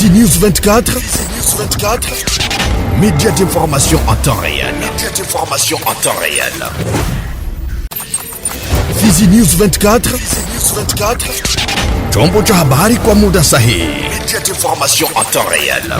Easy News 24. Easy News 24. Média d'information en temps réel. Média d'information en temps réel. Easy News 24. Easy News 24. Chombo cha habari Sahi. Média d'information en temps réel.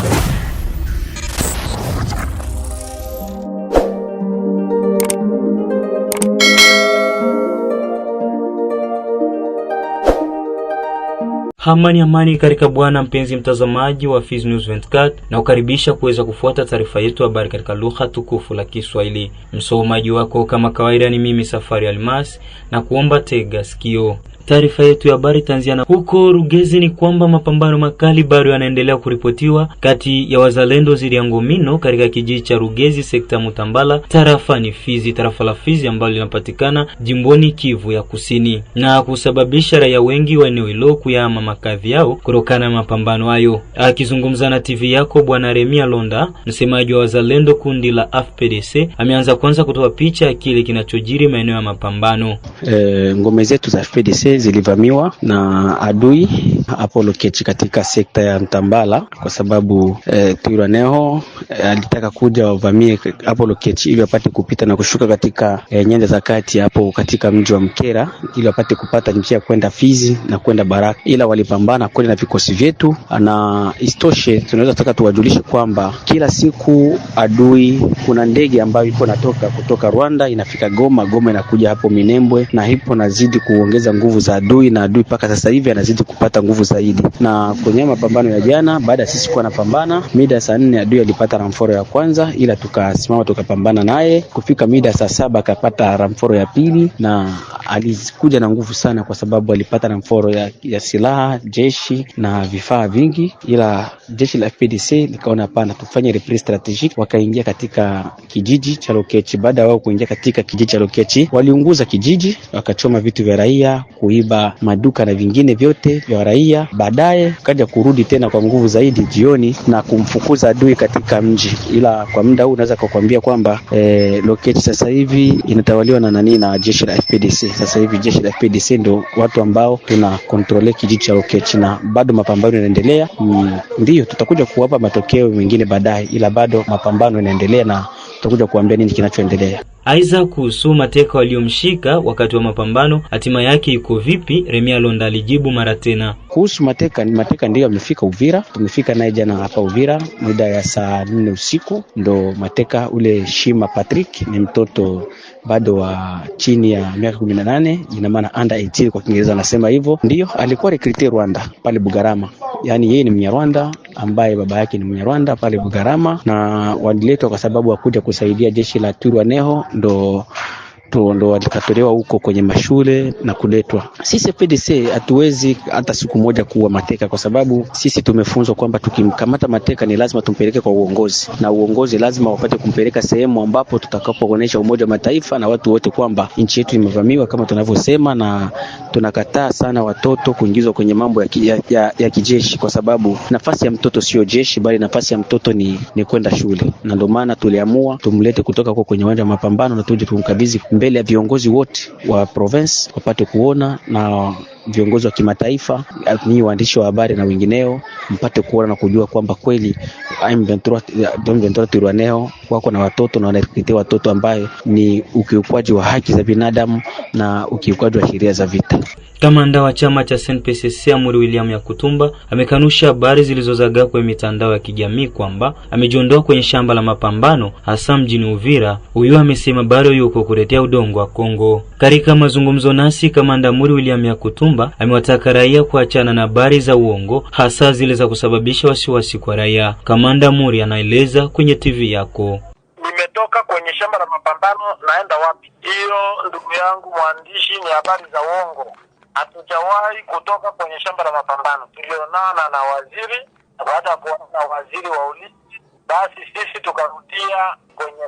Amani, amani katika Bwana. Mpenzi mtazamaji wa Fizi News 24, na kukaribisha kuweza kufuata taarifa yetu habari katika lugha tukufu la Kiswahili. Msomaji wako kama kawaida ni mimi Safari Almas, na kuomba tega sikio Taarifa yetu ya habari tanzia na huko Rugezi ni kwamba mapambano makali bado yanaendelea kuripotiwa kati ya wazalendo dhidi ya Ngomino katika kijiji cha Rugezi, sekta Mutambala, tarafa ni Fizi, tarafa la Fizi ambalo linapatikana jimboni Kivu ya Kusini, na kusababisha raia wengi wa eneo hilo kuyahama makazi yao kutokana na mapambano hayo. Akizungumza na TV yako, bwana Remia Londa, msemaji wa wazalendo kundi la FPDC, ameanza kwanza kutoa picha ya kile kinachojiri maeneo ya mapambano. E, ngome zetu za FPDC zilivamiwa na adui hapo Lokechi katika sekta ya Mtambala kwa sababu eh, Twirwaneho e, eh, alitaka kuja wavamie hapo Lokechi ili wapate kupita na kushuka katika e, nyanja za kati hapo katika mji wa Mkera ili wapate kupata njia ya kwenda Fizi na kwenda Baraka, ila walipambana kweli na vikosi vyetu. Na istoshe, tunaweza taka tuwajulishe kwamba kila siku adui, kuna ndege ambayo iko natoka kutoka Rwanda inafika Goma, Goma inakuja hapo Minembwe, na hipo nazidi kuongeza nguvu za adui, na adui mpaka sasa hivi anazidi kupata nguvu zaidi. Na kwenye mapambano ya jana, baada ya sisi kuwa napambana mida ya saa nne, adui alipata ramforo ya kwanza, ila tukasimama tukapambana naye kufika mida saa saba akapata ramforo ya pili, na alikuja na nguvu sana, kwa sababu alipata ramforo ya, ya silaha jeshi na vifaa vingi, ila jeshi la FPDC likaona hapana, tufanye reprise strategique, wakaingia katika kijiji cha Lokechi. Baada ya wao kuingia katika kijiji cha Lokechi, waliunguza kijiji, wakachoma vitu vya raia ku kuiba maduka na vingine vyote vya raia, baadaye kaja kurudi tena kwa nguvu zaidi jioni na kumfukuza adui katika mji. Ila kwa muda huu naweza kukuambia kwamba e, eh, loketi sasa hivi inatawaliwa na nani? Na jeshi la FPDC. Sasa hivi jeshi la FPDC ndio watu ambao tuna kontrole kijiji cha Loketi, na bado mapambano yanaendelea. Mm, Ndiyo, tutakuja kuwapa matokeo mengine baadaye, ila bado mapambano yanaendelea na tutakuja kuambia nini kinachoendelea. Aidha, kuhusu mateka waliomshika wakati wa mapambano, hatima yake iko vipi? Remia Londa alijibu mara tena kuhusu mateka. Mateka ndiyo amefika Uvira, tumefika naye jana hapa Uvira muda ya saa nne usiku, ndo mateka ule Shima Patrick ni mtoto bado wa chini ya miaka kumi na nane, ina maana under 18 kwa Kiingereza anasema hivyo. Ndiyo alikuwa rekrite Rwanda pale Bugarama, yaani yeye ni Mnyarwanda ambaye baba yake ni Mnyarwanda pale Bugarama, na waliletwa kwa sababu ya kuja kusaidia jeshi la Turwaneho ndo watoto ndo walikatolewa huko kwenye mashule na kuletwa. Sisi FDC hatuwezi hata siku moja kuwa mateka, kwa sababu sisi tumefunzwa kwamba tukimkamata mateka ni lazima tumpeleke kwa uongozi, na uongozi lazima wapate kumpeleka sehemu ambapo tutakapoonyesha Umoja wa Mataifa na watu wote kwamba nchi yetu imevamiwa kama tunavyosema, na tunakataa sana watoto kuingizwa kwenye mambo ya, ki, ya, ya, ya kijeshi, kwa sababu nafasi ya mtoto sio jeshi, bali nafasi ya mtoto ni, ni kwenda shule, na ndio maana tuliamua tumlete kutoka kwa kwenye uwanja wa mapambano na tuje tumkabidhi mbele ya viongozi wote wa province wapate kuona na viongozi wa kimataifa, ninyi waandishi wa habari na wengineo mpate kuona na kujua kwamba kweli M23 wako na watoto na wanarekrutia watoto ambayo ni ukiukwaji wa haki za binadamu na ukiukwaji wa sheria za vita. Kamanda wa chama cha SNPCC Amuri William Yakutumba amekanusha habari zilizozagaa kwenye mitandao ya kijamii kwamba amejiondoa kwenye shamba la mapambano hasa mjini Uvira. Huyu amesema bado yuko kutetea udongo wa Kongo. Katika mazungumzo nasi, kamanda Amuri William Yakutumba amewataka raia kuachana na habari za uongo, hasa zile za kusababisha wasiwasi kwa raia. Kamanda Amuri anaeleza kwenye TV yako. Nimetoka kwenye shamba la mapambano, naenda wapi? Hiyo ndugu yangu mwandishi, ni habari za uongo hatujawahi kutoka kwenye shamba la mapambano. Tulionana na waziri, na baada ya kuona na waziri wa ulinzi, basi sisi tukarudia kwenye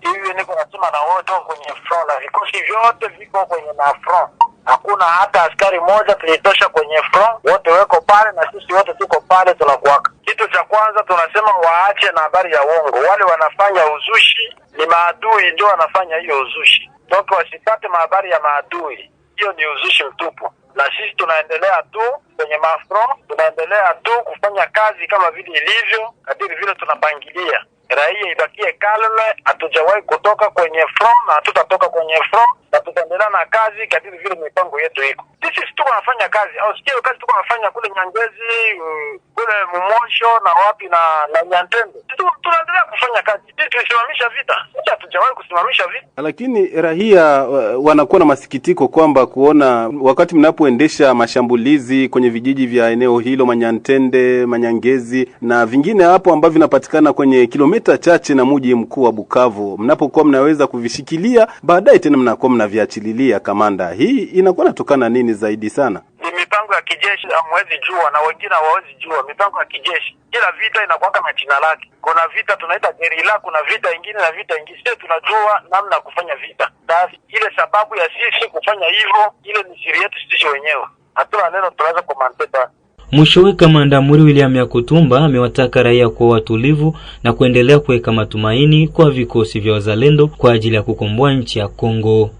hivi, niko nasema na wote kwenye front, na vikosi vyote viko kwenye na front hakuna hata askari moja tulitosha kwenye front, wote weko pale na sisi wote tuko pale tunakuwaka. Kitu cha kwanza tunasema waache na habari ya uongo, wale wanafanya uzushi ni maadui, ndio wanafanya hiyo uzushi toke, wasipate mahabari ya maadui hiyo ni uzushi mtupu, na sisi tunaendelea tu kwenye mafron tunaendelea tu kufanya kazi kama vile ilivyo, kadiri vile tunapangilia raia ibakie kalme. Hatujawahi kutoka kwenye front na hatutatoka kwenye front, na tutaendelea na kazi kadiri vile mipango yetu iko. Sisi situko nafanya kazi au sikio kazi tuko nafanya kule Nyangezi, mm, kule Mumosho na wapi na na Nyantende, tunaendelea kufanya kazi tulisimamisha vita, sisi hatujawahi kusimamisha vita. Lakini raia uh, wanakuwa na masikitiko kwamba kuona wakati mnapoendesha mashambulizi kwenye vijiji vya eneo hilo Manyantende, Manyangezi na vingine hapo ambavyo vinapatikana kwenye kilomita chache na mji mkuu wa Bukavu, mnapokuwa mnaweza kuvishikilia, baadaye tena mnakuwa mnaviachililia kamanda, hii inakuwa natokana nini zaidi sana? ni mipango ya kijeshi, hamwezi jua na wengine hawawezi jua mipango ya kijeshi. Kila vita inakuwa na jina lake. Kuna vita tunaita gerila, kuna vita ingine na vita ingine. Sisi tunajua namna ya kufanya vita, basi ile sababu ya sisi kufanya hivyo, ile ni siri yetu sisi wenyewe, hatuna neno tunaweza kumanteta. Mwishowe, kamanda Muri William kutumba amewataka raia kuwa watulivu na kuendelea kuweka matumaini kwa vikosi vya wazalendo kwa ajili ya kukomboa nchi ya Kongo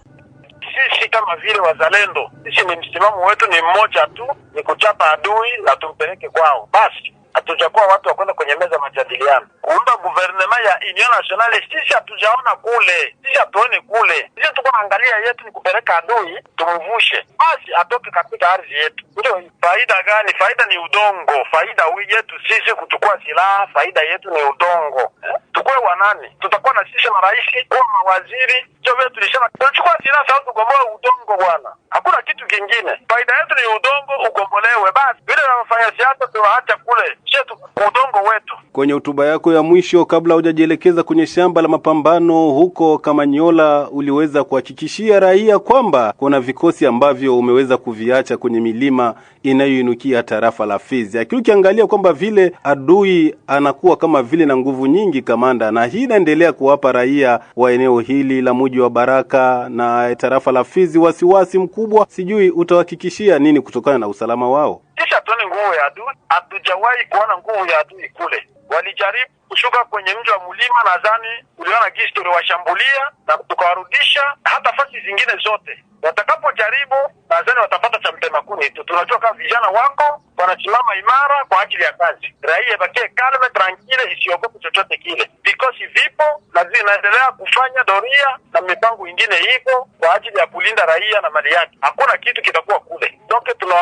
kama vile wazalendo. Sisi ni msimamo wetu ni mmoja tu, ni kuchapa adui na tumpeleke kwao basi hatujakuwa watu wa kwenda kwenye meza majadiliano kuunda guvernema ya union nationale. Sisi hatujaona kule, sisi hatuoni kule, sisi tuko angalia yetu ni kupeleka adui tumvushe, basi atoke katika ardhi yetu. Ndio faida gani? Faida ni udongo, faida hui yetu sisi kuchukua silaha, faida yetu ni udongo eh? Tukuwe wanani? Tutakuwa na sisi marais kuwa mawaziri jo vile tuchukua silaha sababu tugomboe udongo bwana, hakuna kitu kingine. Faida yetu ni udongo, ugombolewe basi. Vile wafanya siasa tunaacha kule chetu udongo wetu. Kwenye hotuba yako ya mwisho kabla hujajielekeza kwenye shamba la mapambano huko Kamanyola, uliweza kuhakikishia raia kwamba kuna vikosi ambavyo umeweza kuviacha kwenye milima inayoinukia tarafa la Fizi, lakini ukiangalia kwamba vile adui anakuwa kama vile na nguvu nyingi, kamanda, na hii inaendelea kuwapa raia wa eneo hili la mji wa Baraka na tarafa la Fizi wasiwasi mkubwa. Sijui utawahakikishia nini kutokana na usalama wao? kisha hatuoni nguvu ya adui, hatujawahi kuona nguvu ya adui kule. Walijaribu kushuka kwenye mji wa Mulima, nadhani uliona gisi tuliwashambulia na tukawarudisha, hata fasi zingine zote watakapojaribu nadhani watapata cha mtema kuni tu. Tunajua kama vijana wako wanasimama imara kwa ajili ya kazi, raia bakie kalme tranquille, isiogope chochote kile. Vikosi vipo na vinaendelea kufanya doria na mipango ingine iko kwa ajili ya kulinda raia na mali yake. Hakuna kitu kitakuwa kule toke. tuna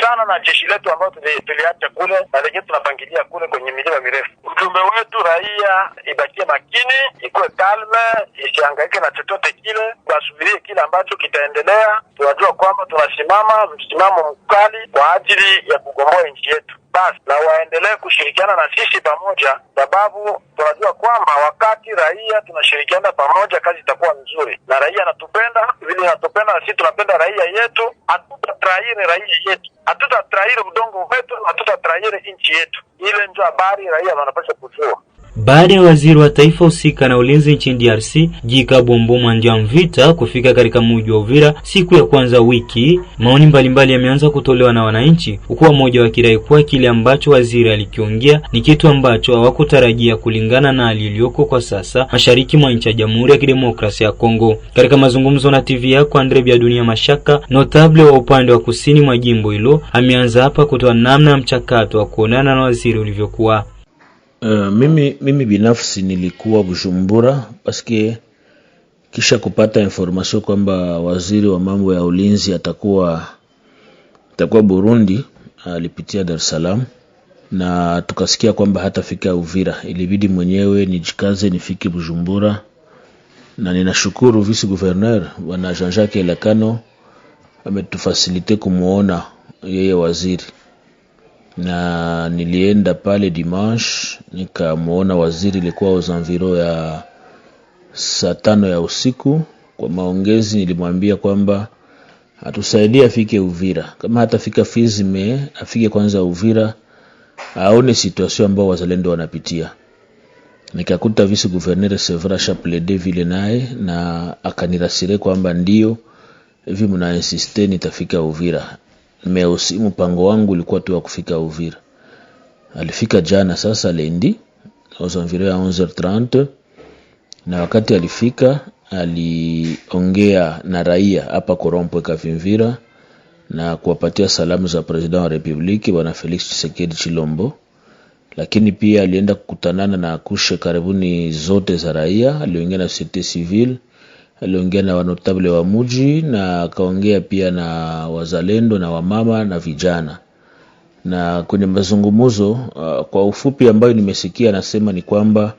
sana na jeshi letu ambayo tuliacha kule na lenyewe tunapangilia kule kwenye milima mirefu. Ujumbe wetu raia, ibakie makini, ikuwe kalme, isiangaike na chochote kile, wasubirie kile ambacho kitaendelea tunaendelea, tunajua kwamba tunasimama msimamo mkali kwa ajili ya kugomboa nchi yetu. Basi na waendelee kushirikiana na sisi pamoja, sababu tunajua kwamba wakati raia tunashirikiana pamoja, kazi itakuwa nzuri, na raia anatupenda vile anatupenda na sisi tunapenda raia yetu. Hatutatrahiri raia yetu, hatutatrahiri udongo wetu, hatutatrahiri nchi yetu. Ile ndio habari raia wanapaswa kujua. Baada ya waziri wa taifa husika na ulinzi nchini DRC Jikabwa Mboma Mvita kufika katika mji wa Uvira siku ya kwanza wiki, maoni mbalimbali yameanza kutolewa na wananchi, huku mmoja wakidai kuwa kile ambacho waziri alikiongea ni kitu ambacho hawakutarajia kulingana na hali iliyoko kwa sasa mashariki mwa nchi ya Jamhuri ya Kidemokrasia ya Kongo. Katika mazungumzo na TV yako Andre ya Dunia Mashaka, notable wa upande wa kusini mwa jimbo hilo, ameanza hapa kutoa namna ya mchakato wa kuonana na waziri ulivyokuwa. Eh, mimi, mimi binafsi nilikuwa Bujumbura paske kisha kupata information kwamba waziri wa mambo ya ulinzi atakuwa atakuwa Burundi, alipitia Dar es Salaam na tukasikia kwamba hatafika Uvira. Ilibidi mwenyewe nijikaze nifike Bujumbura, na ninashukuru vice gouverneur bwana Jean-Jacques Elakano ametufasilite kumwona yeye waziri na nilienda pale dimanche nikamwona waziri, ilikuwa uzanviro ya saa tano ya usiku. Kwa maongezi nilimwambia kwamba atusaidie afike Uvira, kama hatafika Fizi afike kwanza Uvira aone situasio ambao wazalendo wanapitia. Nikakuta vice gouverneur Sevra Chaplede vile naye na akanirasire kwamba ndio hivi mnainsiste nitafika Uvira meusi, mpango wangu ulikuwa tu wa kufika Uvira. Alifika jana sasa lendi aux ya 1130 na wakati alifika aliongea na raia hapa Korompwe Kavimvira na kuwapatia salamu za president wa republiki bwana Felix Tshisekedi Chilombo, lakini pia alienda kukutanana na akushe karibuni zote za raia, aliongea na societe civile aliongea na wanotable wa muji na akaongea pia na wazalendo na wamama na vijana. Na kwenye mazungumzo uh, kwa ufupi ambayo nimesikia anasema ni kwamba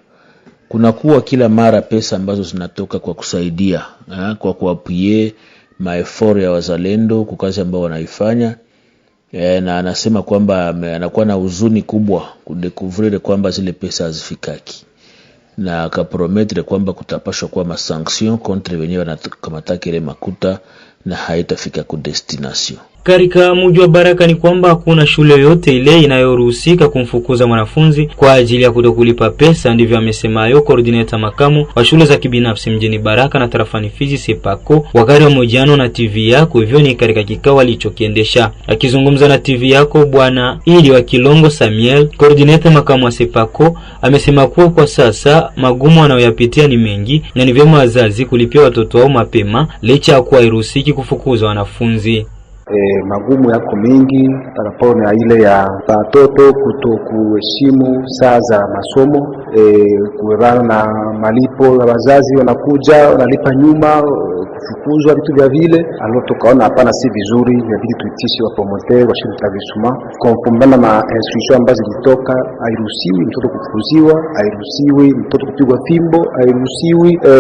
kunakuwa kila mara pesa ambazo zinatoka kwa kusaidia ha, uh, kwa kuapie maefori ya wazalendo kwa kazi ambayo wanaifanya e, na anasema kwamba anakuwa na huzuni kubwa kudekuvrir kwamba zile pesa hazifikaki na akaprometre kwamba kutapashwa kuwa masanction contre wenye wanakamataka ile makuta na haitafika ku destination katika mji wa Baraka ni kwamba hakuna shule yoyote ile inayoruhusika kumfukuza mwanafunzi kwa ajili ya kutokulipa pesa. Ndivyo amesema hayo koordineta makamu wa shule za kibinafsi mjini Baraka na tarafani Fizi Sepako wakati wa mahojiano na TV yako, hivyo ni katika kikao alichokiendesha. Akizungumza na TV yako, bwana Idi wa Kilongo Samuel, koordineta makamu wa Sepako, amesema kuwa kwa sasa magumu anayoyapitia ni mengi na ni vyema wazazi kulipia watoto wao mapema licha ya kuwa hairuhusiki kufukuza wanafunzi. E, magumu yako mengi ya ile ya watoto kuto kuheshimu saa za masomo e, kuebana na malipo ya wazazi, wanakuja wanalipa nyuma, kufukuzwa vitu vya vile alo, tukaona hapana, si vizuri, inabidi tuitishi wapromoteur washirika tavisuma na instruction ambazo zilitoka. airusiwi mtoto kufukuziwa, airusiwi mtoto kupigwa fimbo, e,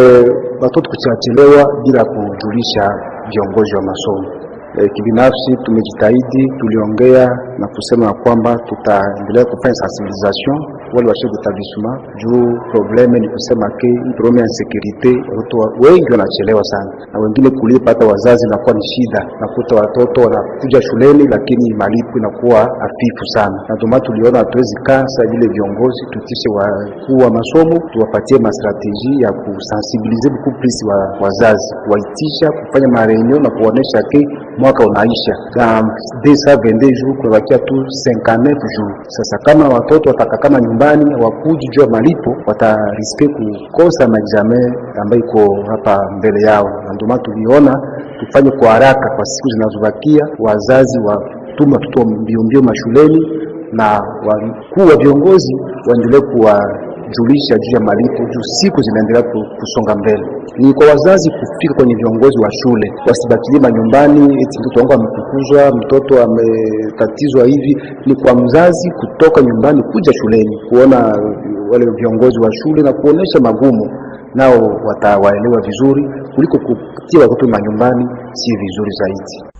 watoto e, kuchachelewa bila kujulisha viongozi wa masomo. E, kibinafsi tumejitahidi, tuliongea na kusema ya kwamba tutaendelea kufanya sensibilisation wale washefu d'établissement juu probleme ni kusema ke probleme ya insekurite, watoto wengi wanachelewa sana, na wengine kulipa hata wazazi nakuwa ni shida. Nakuta watoto wanakuja shuleni, lakini malipo inakuwa hafifu sana, na ndio tuliona hatuwezi kansa vile viongozi tutishe wakuu wa masomo, tuwapatie mastrateji ya kusensibilize beaucoup plus wa wazazi, kuwaitisha kufanya mareunio na kuonesha ke mwaka unaisha na desa vende jour kunabakia tu 59 jours. Sasa kama watoto watakaa kama nyumbani nyumbani juu ya malipo, watariske kukosa majamee ambayo iko hapa mbele yao, na ndio maana tuliona tufanye kwa haraka kwa siku zinazobakia, wazazi watume watoto mbiombio mashuleni na wakuu wa viongozi waendelee kuwa kujulisha juu ya malipo, juu siku zinaendelea kusonga mbele. Ni kwa wazazi kufika kwenye viongozi wa shule, wasibakilie manyumbani eti mtoto wangu amefukuzwa, mtoto ametatizwa hivi. Ni kwa mzazi kutoka nyumbani kuja shuleni kuona wale viongozi wa shule na kuonesha magumu nao watawaelewa vizuri kuliko kutia watoto manyumbani, si vizuri zaidi.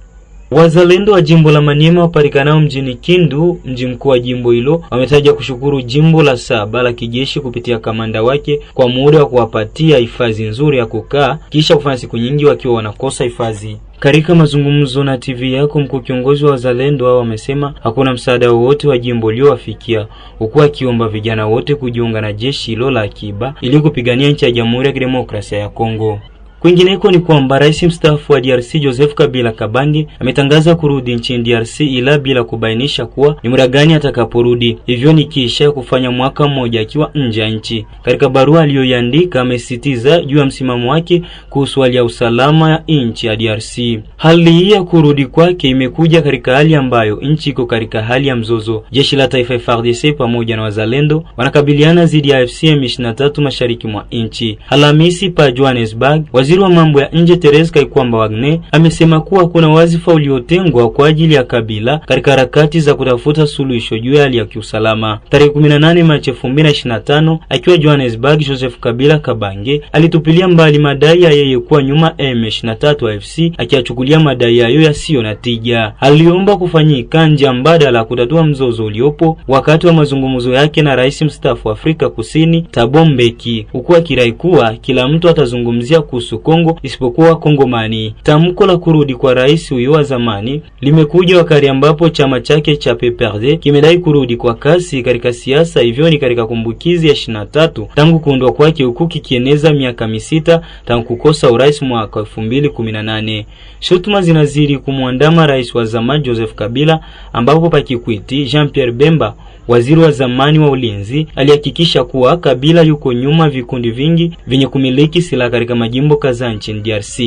Wazalendo wa jimbo la Maniema wapatikanao mjini Kindu, mji mkuu wa jimbo hilo, wametaja kushukuru jimbo la saba la kijeshi kupitia kamanda wake kwa muda wa kuwapatia hifadhi nzuri ya kukaa kisha kufanya siku nyingi wakiwa wanakosa hifadhi. Katika mazungumzo na TV yako, mkuu kiongozi wa wazalendo hao wamesema hakuna msaada wowote wa jimbo uliowafikia, huku akiomba vijana wote kujiunga na jeshi hilo la akiba ili kupigania nchi ya Jamhuri ya Kidemokrasia ya Kongo. Kwingineko ni kwamba rais mstaafu wa DRC Joseph Kabila Kabange ametangaza kurudi nchini DRC ila bila kubainisha kuwa ni muda gani atakaporudi, hivyo ni kisha kufanya mwaka mmoja akiwa nje ya nchi. Katika barua aliyoiandika, amesisitiza juu ya msimamo wake kuhusu hali ya usalama ya nchi ya DRC. Hali hii ya kurudi kwake imekuja katika hali ambayo nchi iko katika hali ya mzozo. Jeshi la taifa FARDC pamoja na wazalendo wanakabiliana dhidi ya AFC M23 mashariki mwa nchi. Alhamisi pa Johannesburg, waziri Waziri wa mambo ya nje Therese Kaikwamba Wagner amesema kuwa kuna wazifa uliotengwa kwa ajili ya Kabila katika harakati za kutafuta suluhisho juu ya hali ya kiusalama. Tarehe 18 Machi 2025, akiwa Johannesburg, Joseph Kabila Kabange alitupilia mbali madai ya yeye kuwa nyuma M23 AFC, akiyachukulia madai hayo yasiyo na tija. Aliomba kufanyika njia mbadala kutatua mzozo uliopo wakati wa mazungumzo yake na rais mstaafu wa Afrika Kusini Thabo Mbeki, huku akirai kuwa kila mtu atazungumzia kuhusu Kongo isipokuwa Kongomani. Tamko la kurudi kwa rais huyo wa zamani limekuja wakati ambapo chama chake cha PPRD kimedai kurudi kwa kasi katika siasa, hivyo ni katika kumbukizi ya ishirini na tatu tangu kuundwa kwake, huku kikieneza miaka misita tangu kukosa urais mwaka elfu mbili kumi na nane. Shutuma zinazidi kumwandama rais wa zamani Joseph Kabila, ambapo pakikwiti Jean Pierre Bemba waziri wa zamani wa ulinzi alihakikisha kuwa Kabila yuko nyuma vikundi vingi vyenye kumiliki silaha katika majimbo za nchini DRC.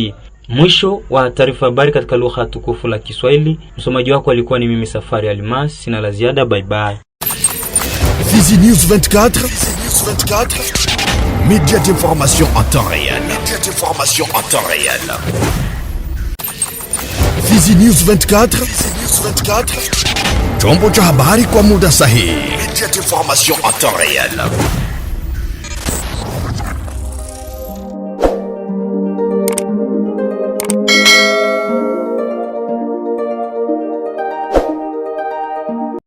Mwisho wa taarifa habari katika lugha tukufu la Kiswahili. Msomaji wako alikuwa ni mimi Safari Almas. Sina la ziada, bye bye. Fizi News 24, Fizi média d'information en temps réel, média d'information en temps réel. Fizi News 24, Fizi News 24, chombo cha habari kwa muda sahihi, média d'information en temps réel.